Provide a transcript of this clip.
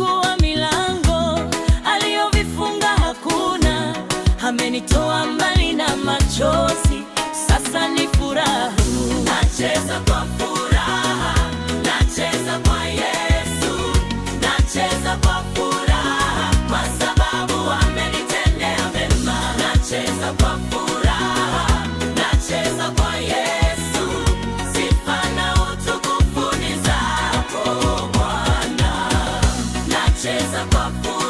amefungua milango, aliyovifunga hakuna. Amenitoa mbali na machozi, sasa ni furaha. Nacheza kwa furaha, nacheza kwa Yesu, nacheza kwa furaha, kwa sababu amenitendea mema. Nacheza kwa furaha Mesa com